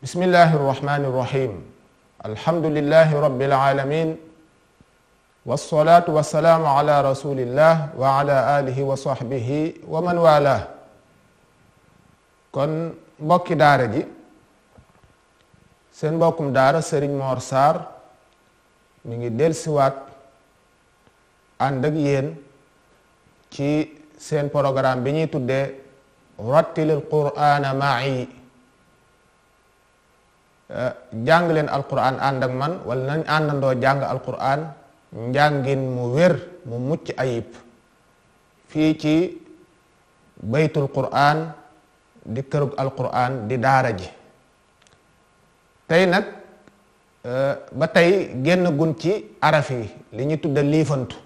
بسم الله الرحمن الرحيم الحمد لله رب العالمين والصلاة والسلام على رسول الله وعلى آله وصحبه ومن والاه kon mbokki daara ji seen mbokkum daara Serigne Mor Sarr mi ngi dellusiwaat ànd ak yéen ci seen program bi ñuy tuddee rattilil qur'aana ma'i jàng leen alquran ànd ak man wala nañ àndandoo jàng alquran njàngin mu wér mu mucc ayib fii ci baytul quran di kërug alquran di daara ji tey nag e, ba tey génn gun ci araf yi li ñu tudda liifantu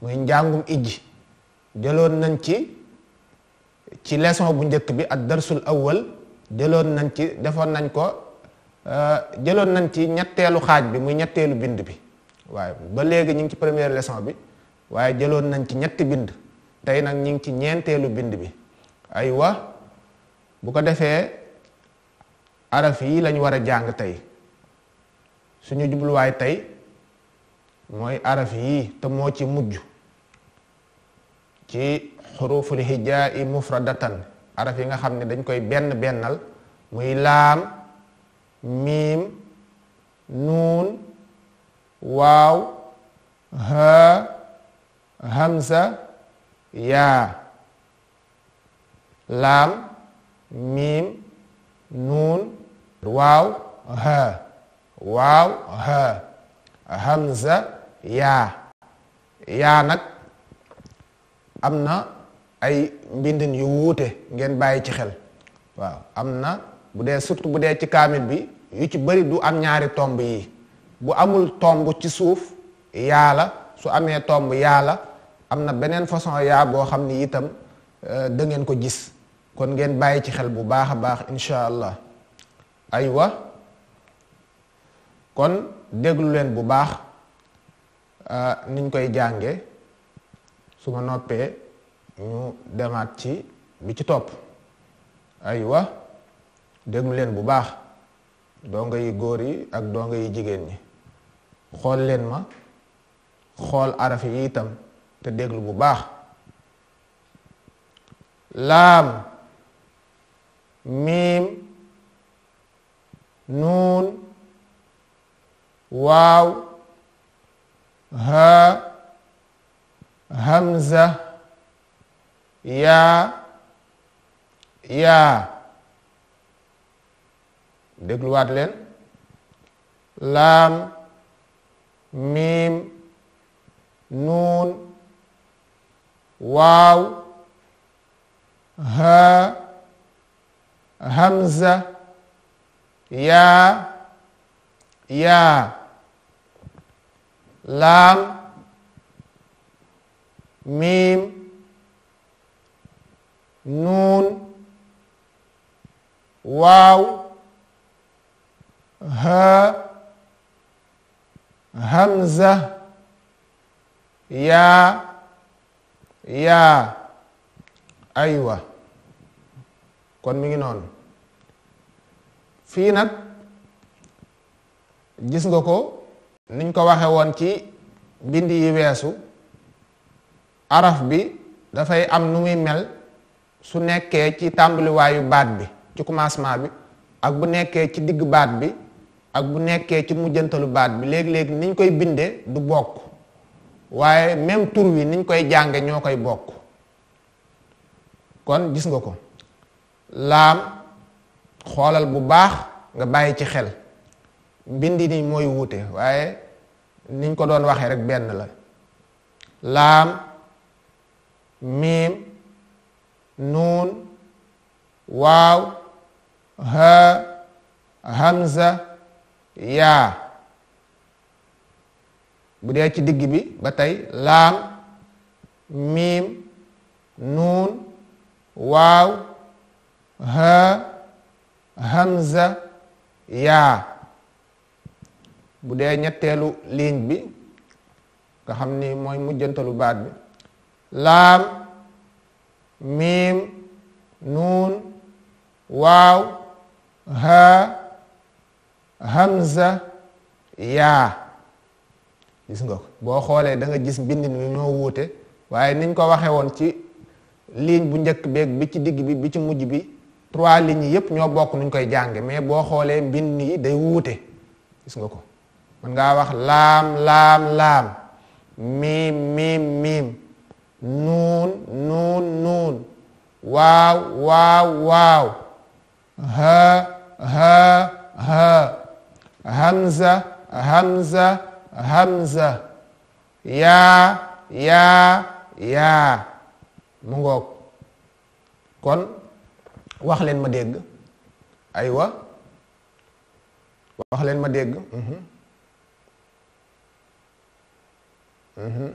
muy njàngum ijji jëloon nañ ci ci leçon bu njëkk bi ak darsul awwal jëloon nañ ci defoon nañ ko Euh, jëloon nañ ci ñetteelu xaaj bi muy ñetteelu bind bi waaye ba léegi ñu ngi ci première lesson bi waaye jëloon nañ ci ñetti bind tey nag ñu ngi ci ñeenteelu bind bi ay aywa bu ko defee araf yii lañ war a jàng tey suñu jubluwaay tey mooy araf yi te moo ci mujj ci xuruful hijaa i mufradatan araf yi nga xam ne dañ koy benn bennal muy laam miim nuun waaw haa hamza yaa laam miim nuun waaw haa waaw haa hamza yaa yaa nag am na ay mbindin yu wuute ngeen bàyyi ci xel waaw am na bu dee surtout bu dee ci kaamil bi yu ci bëri du am ñaari tomb yi bu amul tomb ci suuf yaa su amee tomb yaa am na beneen façon yaa boo xam ne itam euh, da ngeen ko gis kon ngeen bàyyi ci xel bu baax a baax incha allah aywa kon déglu leen bu baax euh, niñ koy jànge su ma noppee ñu demaat ci bi ci topp aywa déglu leen bu baax donga yi góor yi ak donga yi jigéen ñi xool leen ma xool araf yi itam te déglu bu baax laam miim nuun waaw haa hamza yaa yaa dégluwaat leen laam miim nuun waaw haa hamza yaa yaa laam miim nuun waaw ha hamza yaa ya aywa kon mi ngi noonu fii nag gis nga ko niñ ko waxe woon ci bindi yi weesu araf bi dafay am nu muy mel su nekkee ci tàmbaliwaayu baat bi ci commencement bi ak bu nekkee ci diggu baat bi ak bu nekkee ci mujjantalu baat bi léegi-léegi niñ koy bindee du bokk waaye même tur wi niñ koy jànge ñoo koy bokk kon gis nga ko laam xoolal bu baax nga bàyyi ci xel mbindi ni mooy wuute waaye niñ ko doon waxee rek benn la laam miim nuun waaw ha hamza yaa bu dee ci digg bi ba tey laam miim nuun waaw haa hamza yaa bu dee ñetteelu ligne bi nga xam ni mooy mujjantalu baat bi laam miim nuun waaw haa hamza yaa gis nga ko boo xoolee danga gis mbind mi ñoo wuute waaye niñ ko waxee woon ci ligne bu njëkk beeg bi ci digg bi bi ci mujj bi trois lignes yi yëpp ñoo bokk nuñ koy jànge mais boo xoolee mbind yi day wuute gis nga ko mën ngaa wax laam laam laam miim miim miim nuun nuun nuun waaw waaw waaw hamza hamza hamza yaa yaa yaa mu ngoog kon wax leen ma dégg aywa wax leen ma dégg mhm. Mhm.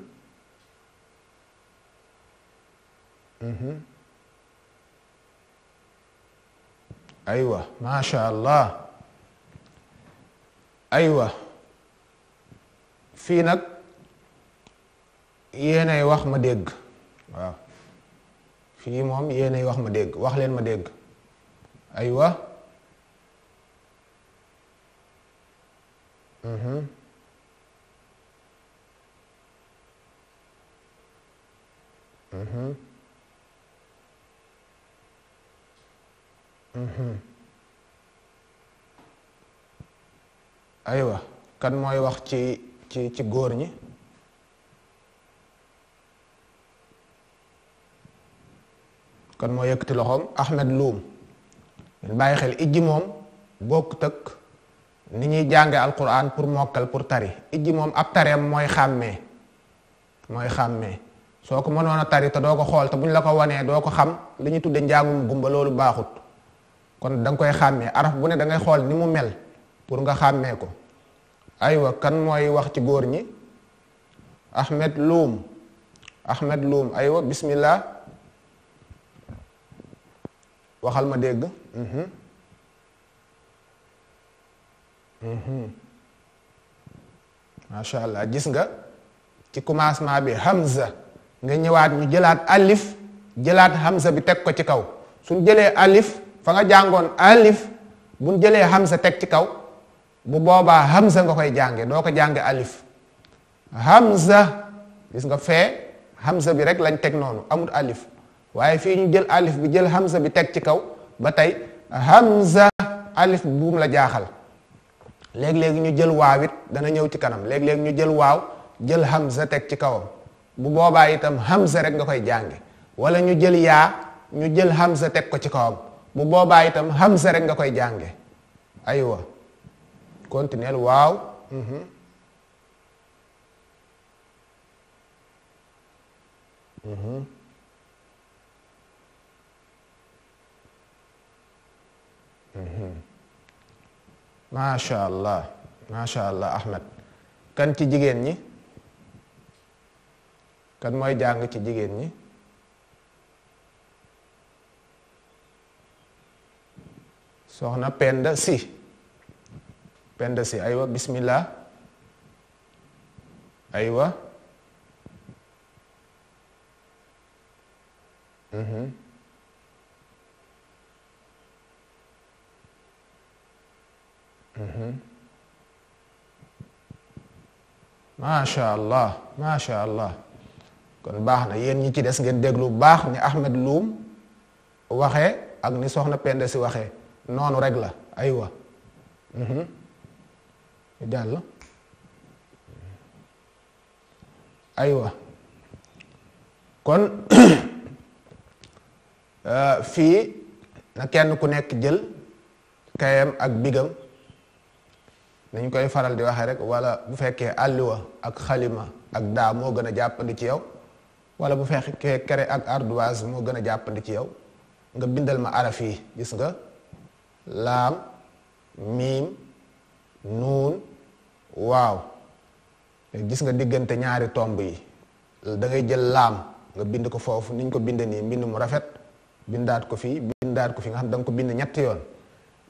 Mhm. aywa macha allah aywa fii nag yéenay wax ma dégg waaw fii moom yéenay wax ma dégg wax leen ma dégg aywa mhm, mhm. mhm. aywa kan mooy wax ci ci ci góor ñi kan moo yëkkati loxoom Ahmed Loum bàyyi xel ijji moom bokk tëkk ni ñuy jànge alquran pour mokkal pour tari ijji moom ab tareem mooy xàmmee mooy xàmmee soo ko mënoon a tari te doo ko xool te bu ñu la ko wanee doo ko xam li ñu tudde njàngum gumba loolu baaxut kon da koy xàmmee araf bu ne da ngay xool ni mu mel pour nga xàmmee ko aywa kan mooy wax ci góor ñi Ahmed Loum Ahmed Loum aywa bismillah waxal ma dégg mm mhm. mhm. macha allah gis nga ci commencement bi Hamza nga ñëwaat ñu jëlaat alif jëlaat Hamza bi teg ko ci kaw suñ jëlee alif fa nga jàngoon alif buñ jëlee Hamza teg ci kaw bu boobaa hamza nga koy jànge doo ko jànge alif hamza gis nga fee hamza bi rek lañ teg noonu amul alif waaye fii ñu jël alif bi jël hamza bi teg ci kaw ba tey hamza alif buum la jaaxal léeg-léeg ñu jël waawit dana ñëw ci kanam léeg-léeg ñu jël waaw jël hamza teg ci kawam bu boobaa yitam hamza rek nga koy jànge wala ñu jël yaa ñu jël hamza teg ko ci kawam bu boobaa itam hamza rek nga koy jànge aywa continuel waaw mm-hmm. mm-hmm. mm-hmm. macha allah macha allah Ahmed kan ci jigéen ñi kan mooy jàng ci jigéen ñi soxna Penda Si penda si aywa bismillah aywa mhm mhm macha allah macha allah kon baax na yéen ñi ci des ngeen déglu baax ni Ahmed Loum waxe ak ni soxna Penda si waxee noonu rek la aywa. mm ñu jàll aywa kon euh, fii na kenn ku nekk jël kayam ak bigam dañ koy faral di waxe rek walla bu fekkee àlliwa ak xalima ak daa moo gën a jàppandi ci yow wala bu fekkee kere ak ardoise moo gën a jàppandi ci yow nga bindal ma araf gis nga laam miim nuun waaw gis nga diggante ñaari tomb yi dangay jël laam nga bind ko foofu niñ ko bind nii mbind mu rafet bindaat ko fii bindaat ko fii nga xam ne danga ko bind ñetti yoon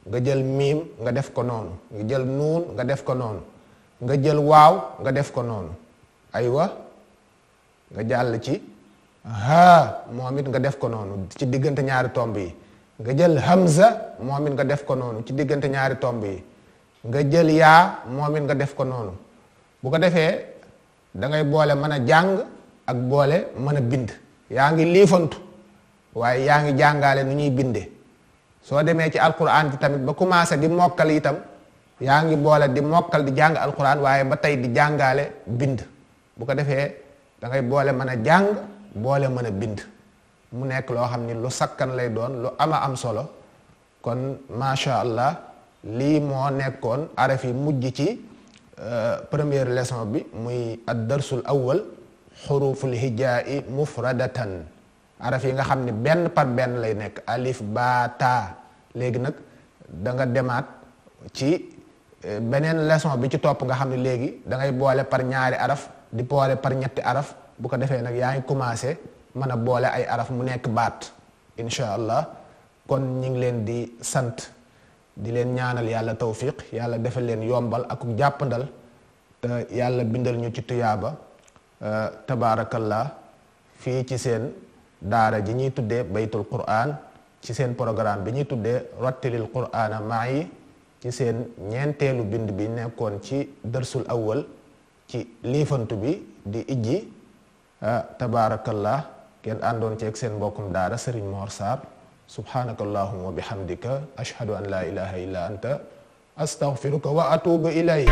nga jël miim nga def ko noonu nga jël nuun nga def ko noonu nga jël waaw nga def ko noonu aywa nga jàll ci haa moom nga def ko noonu ci diggante ñaari tomb yi nga jël hamza moom it nga def ko noonu ci diggante ñaari tomb yi nga jël yaa moom it nga def ko noonu bu ko defee dangay boole mën a jàng ak boole mën a bind yaa ngi liifantu waaye yaa ngi jàngaale nu ñuy binde soo demee ci alquran bi tamit ba commencé di mokkal itam yaa ngi boole di mokkal di jàng alquran waaye ba tey di jàngaale bind bu ko defee dangay boole mën a jàng boole mën a bind mu nekk loo xam ni lu sakkan lay doon lu ama am solo kon macha allah. lii moo nekkoon araf yi mujj ci euh, première lesson bi muy ad darsul awal xuruful hijaa'i mufradatan araf yi nga xam ne benn par benn lay nekk alif ba taa léegi nag da nga demaat ci euh, beneen lesson bi ci topp nga xam ne léegi da ngay boole par ñaari araf di boole par ñetti araf bu ko defee nag yaa ngi commencé mën a boole ay araf mu nekk baat incha allah kon ñu ngi leen di sant di leen ñaanal yàlla tawfiq yàlla defal leen yombal ak jàppandal te yàlla bindal ñu ci tuyaaba e, tabaarakallah fii ci seen daara ji ñuy tuddee baytul quraan ci seen programme bi ñuy tuddee rattilil quraana maayi ci seen ñeenteelu bind bi nekkoon ci dërsul awwal ci liifantu bi di ijji e, tabaarakallah kenn àndoon ci ak seen mbokkum daara Serigne Mor subhanaka allahuma wa bihamdika ashhadu an la ilaha illa anta astaghfiruka wa atubu ilayk